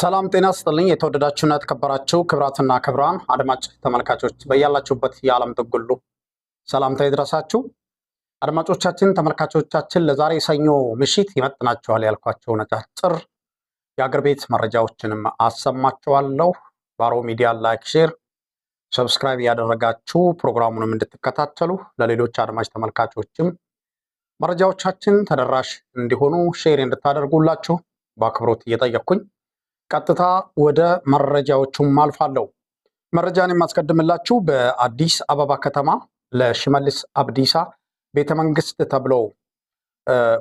ሰላም ጤና ስጥልኝ። የተወደዳችሁና የተከበራችሁ ክብራትና ክብራን አድማጭ ተመልካቾች በያላችሁበት የዓለም ጥጉሉ ሰላምታ ይድረሳችሁ። አድማጮቻችን፣ ተመልካቾቻችን ለዛሬ ሰኞ ምሽት ይመጥናችኋል ያልኳቸው ነጫጭር የአገር ቤት መረጃዎችንም አሰማችኋለሁ። ባሮ ሚዲያ ላይክ፣ ሼር፣ ሰብስክራይብ ያደረጋችሁ ፕሮግራሙንም እንድትከታተሉ ለሌሎች አድማጭ ተመልካቾችም መረጃዎቻችን ተደራሽ እንዲሆኑ ሼር እንድታደርጉላችሁ በአክብሮት እየጠየቅኩኝ ቀጥታ ወደ መረጃዎቹም አልፋለሁ። መረጃን የማስቀድምላችሁ በአዲስ አበባ ከተማ ለሽመልስ አብዲሳ ቤተመንግስት ተብሎ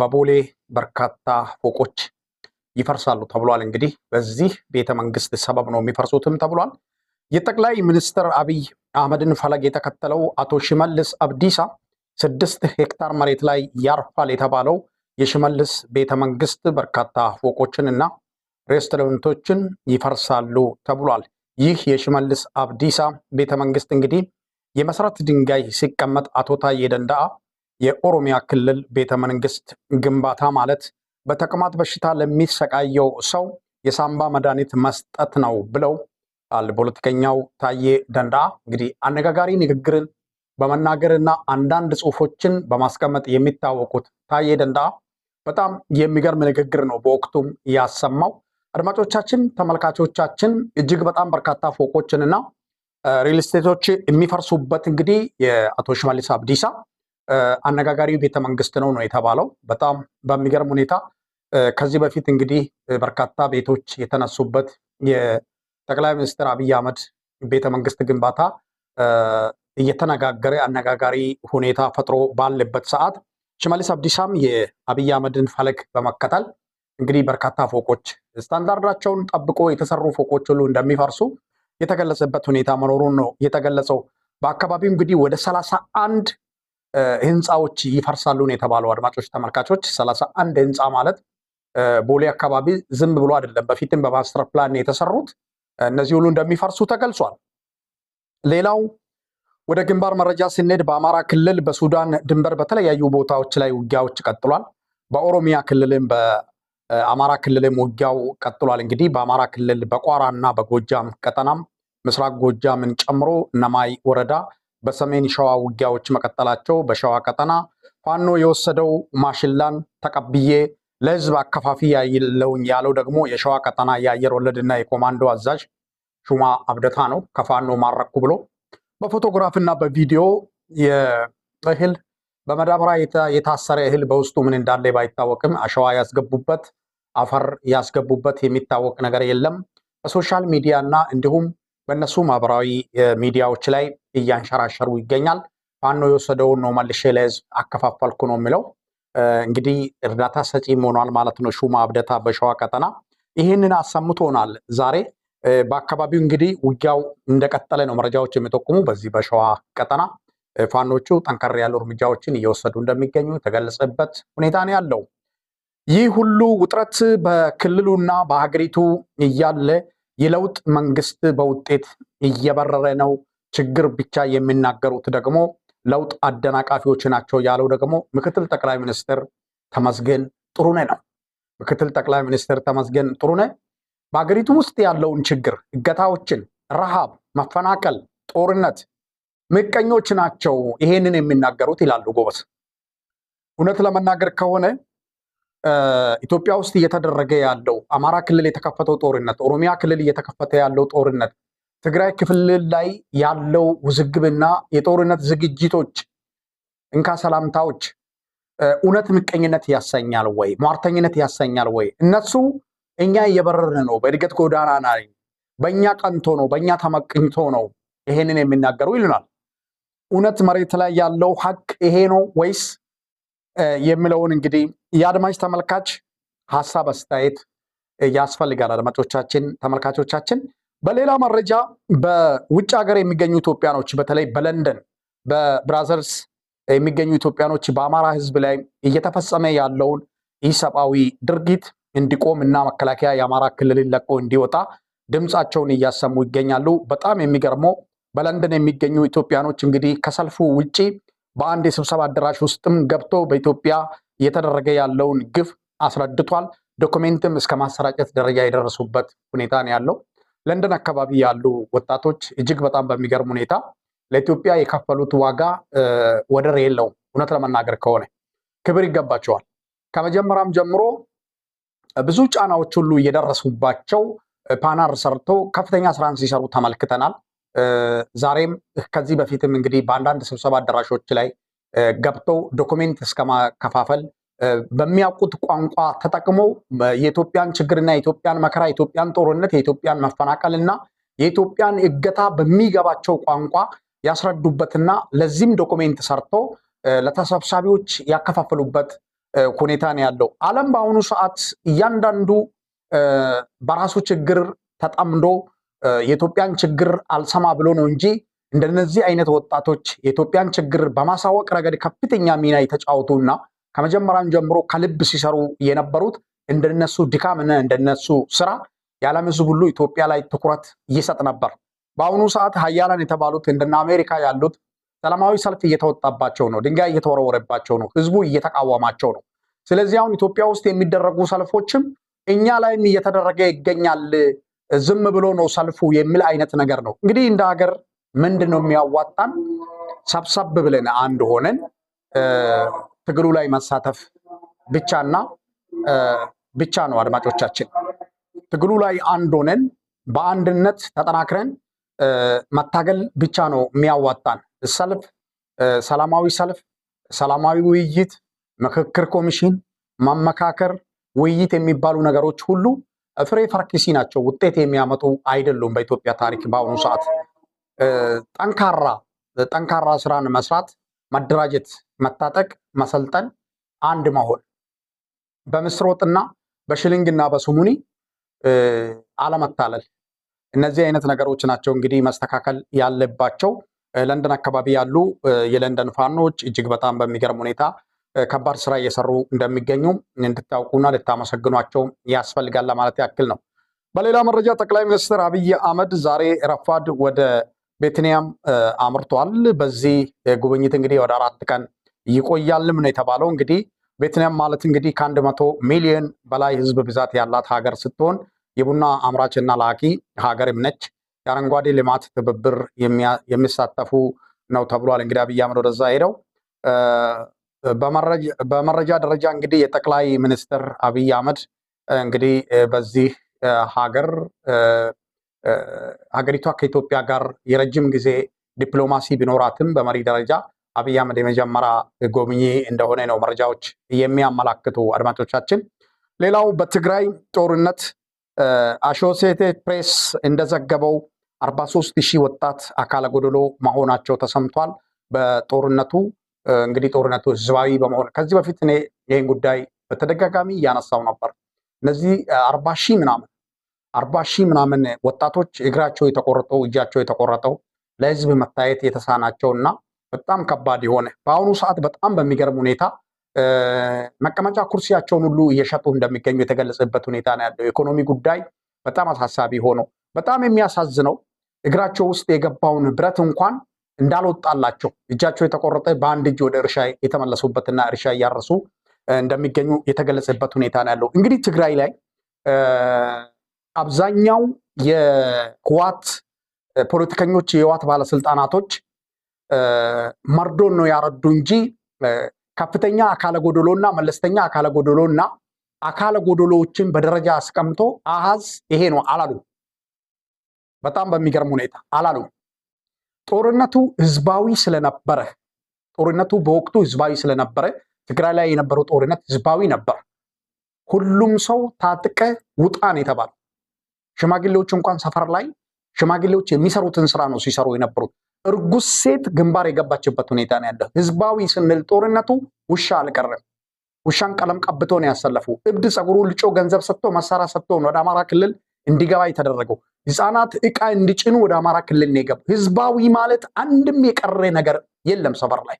በቦሌ በርካታ ፎቆች ይፈርሳሉ ተብሏል። እንግዲህ በዚህ ቤተመንግስት ሰበብ ነው የሚፈርሱትም ተብሏል። የጠቅላይ ሚኒስትር አብይ አህመድን ፈለግ የተከተለው አቶ ሽመልስ አብዲሳ ስድስት ሄክታር መሬት ላይ ያርፋል የተባለው የሽመልስ ቤተመንግስት በርካታ ፎቆችን እና ሬስቶራንቶችን ይፈርሳሉ ተብሏል። ይህ የሽመልስ አብዲሳ ቤተ መንግስት እንግዲህ የመሰረት ድንጋይ ሲቀመጥ አቶ ታዬ ደንዳአ የኦሮሚያ ክልል ቤተ መንግስት ግንባታ ማለት በተቅማጥ በሽታ ለሚሰቃየው ሰው የሳምባ መድኃኒት መስጠት ነው ብለው አል ፖለቲከኛው ታዬ ደንዳ እንግዲህ አነጋጋሪ ንግግርን በመናገርና አንዳንድ ጽሁፎችን በማስቀመጥ የሚታወቁት ታዬ ደንዳአ በጣም የሚገርም ንግግር ነው በወቅቱም ያሰማው። አድማጮቻችን፣ ተመልካቾቻችን እጅግ በጣም በርካታ ፎቆችንና ሪል ስቴቶች የሚፈርሱበት እንግዲህ የአቶ ሽመልስ አብዲሳ አነጋጋሪ ቤተ መንግስት ነው ነው የተባለው። በጣም በሚገርም ሁኔታ ከዚህ በፊት እንግዲህ በርካታ ቤቶች የተነሱበት የጠቅላይ ሚኒስትር አብይ አህመድ ቤተ መንግስት ግንባታ እየተነጋገረ አነጋጋሪ ሁኔታ ፈጥሮ ባለበት ሰዓት ሽመልስ አብዲሳም የአብይ አህመድን ፈለግ በመከተል እንግዲህ በርካታ ፎቆች ስታንዳርዳቸውን ጠብቆ የተሰሩ ፎቆች ሁሉ እንደሚፈርሱ የተገለጸበት ሁኔታ መኖሩን ነው የተገለጸው። በአካባቢው እንግዲህ ወደ ሰላሳ አንድ ህንፃዎች ይፈርሳሉ ነው የተባለው። አድማጮች ተመልካቾች፣ ሰላሳ አንድ ህንፃ ማለት ቦሌ አካባቢ ዝም ብሎ አይደለም። በፊትም በማስተር ፕላን የተሰሩት እነዚህ ሁሉ እንደሚፈርሱ ተገልጿል። ሌላው ወደ ግንባር መረጃ ስንሄድ በአማራ ክልል በሱዳን ድንበር በተለያዩ ቦታዎች ላይ ውጊያዎች ቀጥሏል። በኦሮሚያ ክልልም አማራ ክልልም ውጊያው ቀጥሏል። እንግዲህ በአማራ ክልል በቋራና በጎጃም ቀጠናም ምስራቅ ጎጃምን ጨምሮ እነማይ ወረዳ በሰሜን ሸዋ ውጊያዎች መቀጠላቸው፣ በሸዋ ቀጠና ፋኖ የወሰደው ማሽላን ተቀብዬ ለህዝብ አከፋፊ ያለውኝ ያለው ደግሞ የሸዋ ቀጠና የአየር ወለድና የኮማንዶ አዛዥ ሹማ አብደታ ነው። ከፋኖ ማረኩ ብሎ በፎቶግራፍና በቪዲዮ የእህል በመዳበሪያ የታሰረ እህል በውስጡ ምን እንዳለ ባይታወቅም አሸዋ ያስገቡበት አፈር ያስገቡበት የሚታወቅ ነገር የለም። በሶሻል ሚዲያ እና እንዲሁም በእነሱ ማህበራዊ ሚዲያዎች ላይ እያንሸራሸሩ ይገኛል። ፋኖ የወሰደውን ነው መልሼ ለህዝብ አከፋፈልኩ ነው የሚለው። እንግዲህ እርዳታ ሰጪም ሆኗል ማለት ነው። ሹማ አብደታ በሸዋ ቀጠና ይህንን አሰምቶናል ዛሬ። በአካባቢው እንግዲህ ውጊያው እንደቀጠለ ነው መረጃዎች የሚጠቁሙ በዚህ በሸዋ ቀጠና ፋኖቹ ጠንከር ያሉ እርምጃዎችን እየወሰዱ እንደሚገኙ የተገለጸበት ሁኔታ ነው ያለው። ይህ ሁሉ ውጥረት በክልሉና በሀገሪቱ እያለ የለውጥ መንግስት በውጤት እየበረረ ነው። ችግር ብቻ የሚናገሩት ደግሞ ለውጥ አደናቃፊዎች ናቸው ያለው ደግሞ ምክትል ጠቅላይ ሚኒስትር ተመስገን ጥሩነህ ነው። ምክትል ጠቅላይ ሚኒስትር ተመስገን ጥሩነህ በሀገሪቱ ውስጥ ያለውን ችግር እገታዎችን፣ ረሃብ፣ መፈናቀል፣ ጦርነት ምቀኞች ናቸው ይሄንን የሚናገሩት ይላሉ ጎበዝ። እውነት ለመናገር ከሆነ ኢትዮጵያ ውስጥ እየተደረገ ያለው አማራ ክልል የተከፈተው ጦርነት፣ ኦሮሚያ ክልል እየተከፈተ ያለው ጦርነት፣ ትግራይ ክልል ላይ ያለው ውዝግብና የጦርነት ዝግጅቶች እንካ ሰላምታዎች እውነት ምቀኝነት ያሰኛል ወይ? ሟርተኝነት ያሰኛል ወይ? እነሱ እኛ እየበረርን ነው፣ በእድገት ጎዳና ና፣ በእኛ ቀንቶ ነው፣ በእኛ ተመቅኝቶ ነው ይሄንን የሚናገሩ ይሉናል። እውነት መሬት ላይ ያለው ሀቅ ይሄ ነው ወይስ የሚለውን እንግዲህ የአድማጭ ተመልካች ሀሳብ አስተያየት ያስፈልጋል። አድማጮቻችን፣ ተመልካቾቻችን በሌላ መረጃ በውጭ ሀገር የሚገኙ ኢትዮጵያኖች በተለይ በለንደን በብራዘርስ የሚገኙ ኢትዮጵያኖች በአማራ ሕዝብ ላይ እየተፈጸመ ያለውን ኢሰብአዊ ድርጊት እንዲቆም እና መከላከያ የአማራ ክልልን ለቆ እንዲወጣ ድምፃቸውን እያሰሙ ይገኛሉ። በጣም የሚገርመው በለንደን የሚገኙ ኢትዮጵያኖች እንግዲህ ከሰልፉ ውጪ በአንድ የስብሰባ አዳራሽ ውስጥም ገብቶ በኢትዮጵያ እየተደረገ ያለውን ግፍ አስረድቷል። ዶክሜንትም እስከ ማሰራጨት ደረጃ የደረሱበት ሁኔታ ነው ያለው። ለንደን አካባቢ ያሉ ወጣቶች እጅግ በጣም በሚገርም ሁኔታ ለኢትዮጵያ የከፈሉት ዋጋ ወደር የለውም። እውነት ለመናገር ከሆነ ክብር ይገባቸዋል። ከመጀመሪያም ጀምሮ ብዙ ጫናዎች ሁሉ እየደረሱባቸው ፓናር ሰርቶ ከፍተኛ ስራን ሲሰሩ ተመልክተናል። ዛሬም ከዚህ በፊትም እንግዲህ በአንዳንድ ስብሰባ አዳራሾች ላይ ገብተው ዶኩሜንት እስከማከፋፈል በሚያውቁት ቋንቋ ተጠቅመው የኢትዮጵያን ችግርና የኢትዮጵያን መከራ፣ የኢትዮጵያን ጦርነት፣ የኢትዮጵያን መፈናቀልና የኢትዮጵያን እገታ በሚገባቸው ቋንቋ ያስረዱበትና ለዚህም ዶኩሜንት ሰርቶ ለተሰብሳቢዎች ያከፋፈሉበት ሁኔታ ነው ያለው። ዓለም በአሁኑ ሰዓት እያንዳንዱ በራሱ ችግር ተጠምዶ የኢትዮጵያን ችግር አልሰማ ብሎ ነው እንጂ እንደነዚህ አይነት ወጣቶች የኢትዮጵያን ችግር በማሳወቅ ረገድ ከፍተኛ ሚና እና ከመጀመሪያም ጀምሮ ከልብ ሲሰሩ የነበሩት እንደነሱ ድካምነ እንደነሱ ስራ የዓለም ሕዝብ ሁሉ ኢትዮጵያ ላይ ትኩረት ይሰጥ ነበር። በአሁኑ ሰዓት ሀያላን የተባሉት እንደነ አሜሪካ ያሉት ሰላማዊ ሰልፍ እየተወጣባቸው ነው። ድንጋይ እየተወረወረባቸው ነው። ሕዝቡ እየተቃወማቸው ነው። ስለዚህ አሁን ኢትዮጵያ ውስጥ የሚደረጉ ሰልፎችም እኛ ላይም እየተደረገ ይገኛል ዝም ብሎ ነው ሰልፉ የሚል አይነት ነገር ነው። እንግዲህ እንደ ሀገር ምንድን ነው የሚያዋጣን? ሰብሰብ ብለን አንድ ሆነን ትግሉ ላይ መሳተፍ ብቻና ብቻ ነው። አድማጮቻችን ትግሉ ላይ አንድ ሆነን በአንድነት ተጠናክረን መታገል ብቻ ነው የሚያዋጣን። ሰልፍ፣ ሰላማዊ ሰልፍ፣ ሰላማዊ ውይይት፣ ምክክር ኮሚሽን፣ ማመካከር፣ ውይይት የሚባሉ ነገሮች ሁሉ ፍሬ ፈርክሲ ናቸው። ውጤት የሚያመጡ አይደሉም። በኢትዮጵያ ታሪክ በአሁኑ ሰዓት ጠንካራ ጠንካራ ስራን መስራት፣ መደራጀት፣ መታጠቅ፣ መሰልጠን፣ አንድ መሆን በምስሮጥና በሽልንግና በሱሙኒ አለመታለል፣ እነዚህ አይነት ነገሮች ናቸው እንግዲህ መስተካከል ያለባቸው። ለንደን አካባቢ ያሉ የለንደን ፋኖች እጅግ በጣም በሚገርም ሁኔታ ከባድ ስራ እየሰሩ እንደሚገኙ እንድታውቁና ልታመሰግኗቸው ያስፈልጋል ለማለት ያክል ነው። በሌላ መረጃ ጠቅላይ ሚኒስትር አብይ አህመድ ዛሬ ረፋድ ወደ ቤትንያም አምርቷል። በዚህ ጉብኝት እንግዲህ ወደ አራት ቀን ይቆያልም ነው የተባለው። እንግዲህ ቤትንያም ማለት እንግዲህ ከአንድ መቶ ሚሊዮን በላይ ህዝብ ብዛት ያላት ሀገር ስትሆን የቡና አምራችና ላኪ ሀገርም ነች። የአረንጓዴ ልማት ትብብር የሚሳተፉ ነው ተብሏል። እንግዲህ አብይ አህመድ ወደዛ ሄደው በመረጃ ደረጃ እንግዲህ የጠቅላይ ሚኒስትር አብይ አህመድ እንግዲህ በዚህ ሀገር ሀገሪቷ ከኢትዮጵያ ጋር የረጅም ጊዜ ዲፕሎማሲ ቢኖራትም በመሪ ደረጃ አብይ አህመድ የመጀመሪያ ጎብኚ እንደሆነ ነው መረጃዎች የሚያመላክቱ። አድማጮቻችን፣ ሌላው በትግራይ ጦርነት አሶሲየትድ ፕሬስ እንደዘገበው 43 ሺህ ወጣት አካለ ጎደሎ መሆናቸው ተሰምቷል። በጦርነቱ እንግዲህ ጦርነቱ ህዝባዊ በመሆን ከዚህ በፊት እኔ ይህን ጉዳይ በተደጋጋሚ እያነሳው ነበር። እነዚህ አርባ ሺህ ምናምን አርባ ሺህ ምናምን ወጣቶች እግራቸው የተቆረጠው እጃቸው የተቆረጠው ለህዝብ መታየት የተሳናቸው እና በጣም ከባድ የሆነ በአሁኑ ሰዓት በጣም በሚገርም ሁኔታ መቀመጫ ኩርሲያቸውን ሁሉ እየሸጡ እንደሚገኙ የተገለጸበት ሁኔታ ነው ያለው። የኢኮኖሚ ጉዳይ በጣም አሳሳቢ ሆኖ በጣም የሚያሳዝነው እግራቸው ውስጥ የገባውን ብረት እንኳን እንዳልወጣላቸው እጃቸው የተቆረጠ በአንድ እጅ ወደ እርሻ የተመለሱበትና እርሻ እያረሱ እንደሚገኙ የተገለጸበት ሁኔታ ነው ያለው። እንግዲህ ትግራይ ላይ አብዛኛው የህዋት ፖለቲከኞች የህዋት ባለስልጣናቶች መርዶን ነው ያረዱ እንጂ ከፍተኛ አካለ እና መለስተኛ አካለ እና አካለ ጎደሎዎችን በደረጃ አስቀምጦ አሃዝ ይሄ ነው አላሉ። በጣም በሚገርም ሁኔታ አላሉ። ጦርነቱ ህዝባዊ ስለነበረ ጦርነቱ በወቅቱ ህዝባዊ ስለነበረ ትግራይ ላይ የነበረው ጦርነት ህዝባዊ ነበር። ሁሉም ሰው ታጥቀ ውጣን የተባለ ሽማግሌዎች እንኳን ሰፈር ላይ ሽማግሌዎች የሚሰሩትን ስራ ነው ሲሰሩ የነበሩት። እርጉዝ ሴት ግንባር የገባችበት ሁኔታ ነው ያለው። ህዝባዊ ስንል ጦርነቱ ውሻ አልቀረም። ውሻን ቀለም ቀብቶ ነው ያሰለፉ። እብድ ፀጉሩ ልጮ ገንዘብ ሰጥቶ መሳሪያ ሰጥቶ ወደ አማራ ክልል እንዲገባ የተደረገው ህፃናት እቃ እንዲጭኑ ወደ አማራ ክልል ነው የገቡ። ህዝባዊ ማለት አንድም የቀረ ነገር የለም ሰበር ላይ።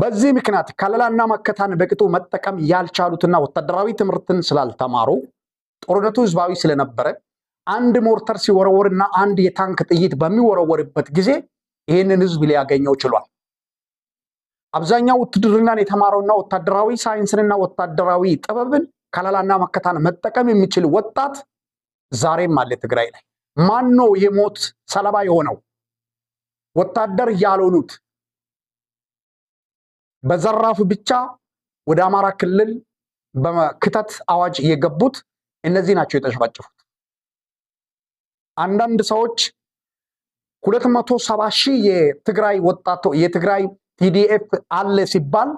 በዚህ ምክንያት ከለላና መከታን በቅጡ መጠቀም ያልቻሉትና ወታደራዊ ትምህርትን ስላልተማሩ ጦርነቱ ህዝባዊ ስለነበረ አንድ ሞርተር ሲወረወርና አንድ የታንክ ጥይት በሚወረወርበት ጊዜ ይህንን ህዝብ ሊያገኘው ችሏል። አብዛኛው ውትድርናን የተማረውና ወታደራዊ ሳይንስንና ወታደራዊ ጥበብን ከለላና መከታን መጠቀም የሚችል ወጣት ዛሬም አለ ትግራይ ላይ። ማን ነው የሞት ሰለባ የሆነው? ወታደር ያልሆኑት በዘራፍ ብቻ ወደ አማራ ክልል በክተት አዋጅ የገቡት እነዚህ ናቸው የተሸፋጨፉት። አንዳንድ ሰዎች ሁለት መቶ ሰባ ሺህ የትግራይ ወጣቶ የትግራይ ቲዲኤፍ አለ ሲባል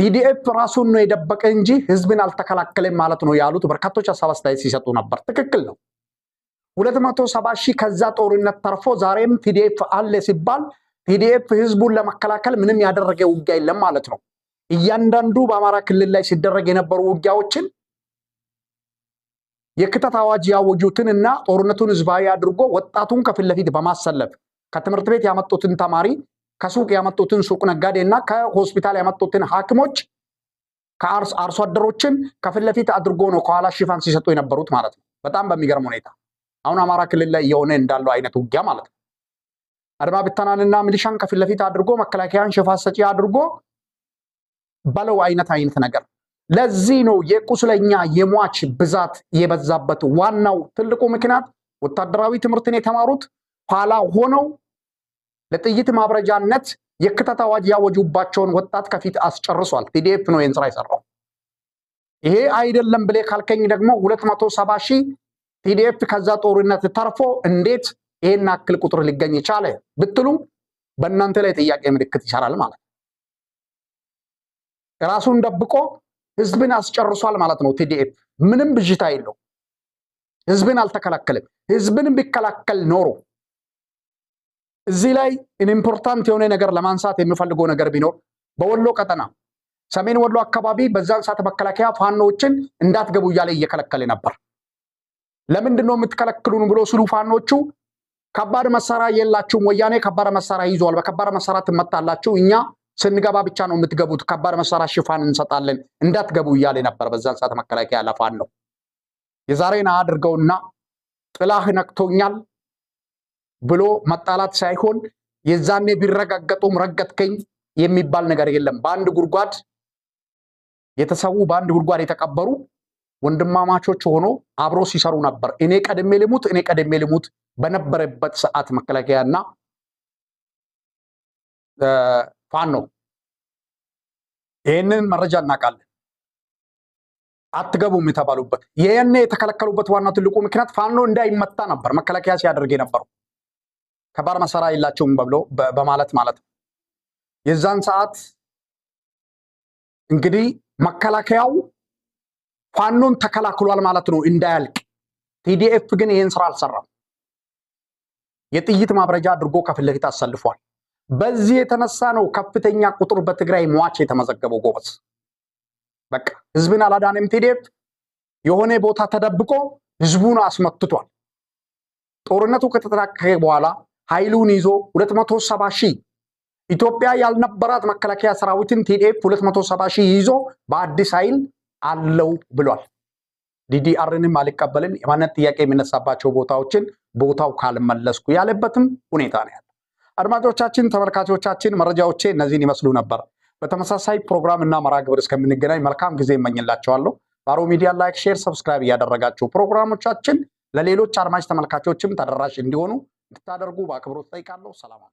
ቲዲኤፍ ራሱን ነው የደበቀ እንጂ ህዝብን አልተከላከለም ማለት ነው ያሉት በርካቶች ሀሳብ አስተያየት ሲሰጡ ነበር። ትክክል ነው። ሁለት መቶ ሰባ ሺህ ከዛ ጦርነት ተርፎ ዛሬም ቲዲኤፍ አለ ሲባል ቲዲኤፍ ህዝቡን ለመከላከል ምንም ያደረገ ውጊያ የለም ማለት ነው። እያንዳንዱ በአማራ ክልል ላይ ሲደረግ የነበሩ ውጊያዎችን የክተት አዋጅ ያወጁትን እና ጦርነቱን ህዝባዊ አድርጎ ወጣቱን ከፊት ለፊት በማሰለፍ ከትምህርት ቤት ያመጡትን ተማሪ ከሱቅ ያመጡትን ሱቅ ነጋዴ እና ከሆስፒታል ያመጡትን ሐኪሞች ከአርሶ አደሮችን ከፊት ለፊት አድርጎ ነው ከኋላ ሽፋን ሲሰጡ የነበሩት ማለት ነው። በጣም በሚገርም ሁኔታ አሁን አማራ ክልል ላይ እየሆነ እንዳለው አይነት ውጊያ ማለት ነው። አድማ ብተናንና ሚሊሻን ከፊት ለፊት አድርጎ መከላከያን ሽፋን ሰጪ አድርጎ በለው አይነት አይነት ነገር። ለዚህ ነው የቁስለኛ የሟች ብዛት የበዛበት ዋናው ትልቁ ምክንያት ወታደራዊ ትምህርትን የተማሩት ኋላ ሆነው ለጥይት ማብረጃነት የክተት አዋጅ ያወጁባቸውን ወጣት ከፊት አስጨርሷል። ቲዲኤፍ ነው ይህን ስራ የሰራው። ይሄ አይደለም ብሌ ካልከኝ ደግሞ ሁለት መቶ ሰባ ሺህ ቲዲኤፍ ከዛ ጦርነት ተርፎ እንዴት ይሄን አክል ቁጥር ሊገኝ ይቻለ ብትሉ በእናንተ ላይ ጥያቄ ምልክት ይሰራል ማለት ራሱን ደብቆ ህዝብን አስጨርሷል ማለት ነው። ቲዲኤፍ ምንም ብዥታ የለው። ህዝብን አልተከላከልም። ህዝብን ቢከላከል ኖሮ እዚህ ላይ ኢምፖርታንት የሆነ ነገር ለማንሳት የሚፈልገው ነገር ቢኖር በወሎ ቀጠና ሰሜን ወሎ አካባቢ በዛን ሰዓት መከላከያ ፋኖዎችን እንዳትገቡ እያለ እየከለከለ ነበር። ለምንድን ነው የምትከለክሉን ብሎ ስሉ ፋኖቹ ከባድ መሳሪያ የላችሁም፣ ወያኔ ከባድ መሳሪያ ይዟል፣ በከባድ መሳሪያ ትመታላችሁ፣ እኛ ስንገባ ብቻ ነው የምትገቡት፣ ከባድ መሳሪያ ሽፋን እንሰጣለን፣ እንዳትገቡ እያለ ነበር። በዛን ሰዓት መከላከያ ለፋኖ የዛሬን አድርገውና ጥላህ ነክቶኛል ብሎ መጣላት ሳይሆን የዛኔ ቢረጋገጡም ረገጥከኝ የሚባል ነገር የለም። በአንድ ጉድጓድ የተሰዉ በአንድ ጉድጓድ የተቀበሩ ወንድማማቾች ሆኖ አብሮ ሲሰሩ ነበር። እኔ ቀድሜ ልሙት፣ እኔ ቀድሜ ልሙት በነበረበት ሰዓት መከላከያና ፋኖ ይህንን መረጃ እናውቃለን። አትገቡም የተባሉበት ይህን የተከለከሉበት ዋና ትልቁ ምክንያት ፋኖ እንዳይመታ ነበር መከላከያ ሲያደርግ የነበረው። ከባድ መሳሪያ የላቸውም በብሎ በማለት ማለት ነው። የዛን ሰዓት እንግዲህ መከላከያው ፋኖን ተከላክሏል ማለት ነው እንዳያልቅ። ቲዲኤፍ ግን ይህን ስራ አልሰራም። የጥይት ማብረጃ አድርጎ ከፊት ለፊት አሰልፏል። በዚህ የተነሳ ነው ከፍተኛ ቁጥር በትግራይ ሟች የተመዘገበው። ጎበዝ በቃ ህዝብን አላዳንም። ቲዲኤፍ የሆነ ቦታ ተደብቆ ህዝቡን አስመትቷል። ጦርነቱ ከተጠናቀቀ በኋላ ኃይሉን ይዞ 270 ሺህ ኢትዮጵያ ያልነበራት መከላከያ ሰራዊትን ቲዲኤፍ 270 ሺህ ይዞ በአዲስ ኃይል አለው ብሏል። ዲዲአርንም አልቀበልን የማንነት ጥያቄ የሚነሳባቸው ቦታዎችን ቦታው ካልመለስኩ ያለበትም ሁኔታ ነው ያለው። አድማጮቻችን፣ ተመልካቾቻችን መረጃዎቼ እነዚህን ይመስሉ ነበር። በተመሳሳይ ፕሮግራም እና መርሃ ግብር እስከምንገናኝ መልካም ጊዜ እመኝላቸዋለሁ። ባሮ ሚዲያ ላይክ፣ ሼር፣ ሰብስክራይብ እያደረጋችሁ ፕሮግራሞቻችን ለሌሎች አድማጭ ተመልካቾችም ተደራሽ እንዲሆኑ እንድታደርጉ በአክብሮት ጠይቃለሁ። ሰላም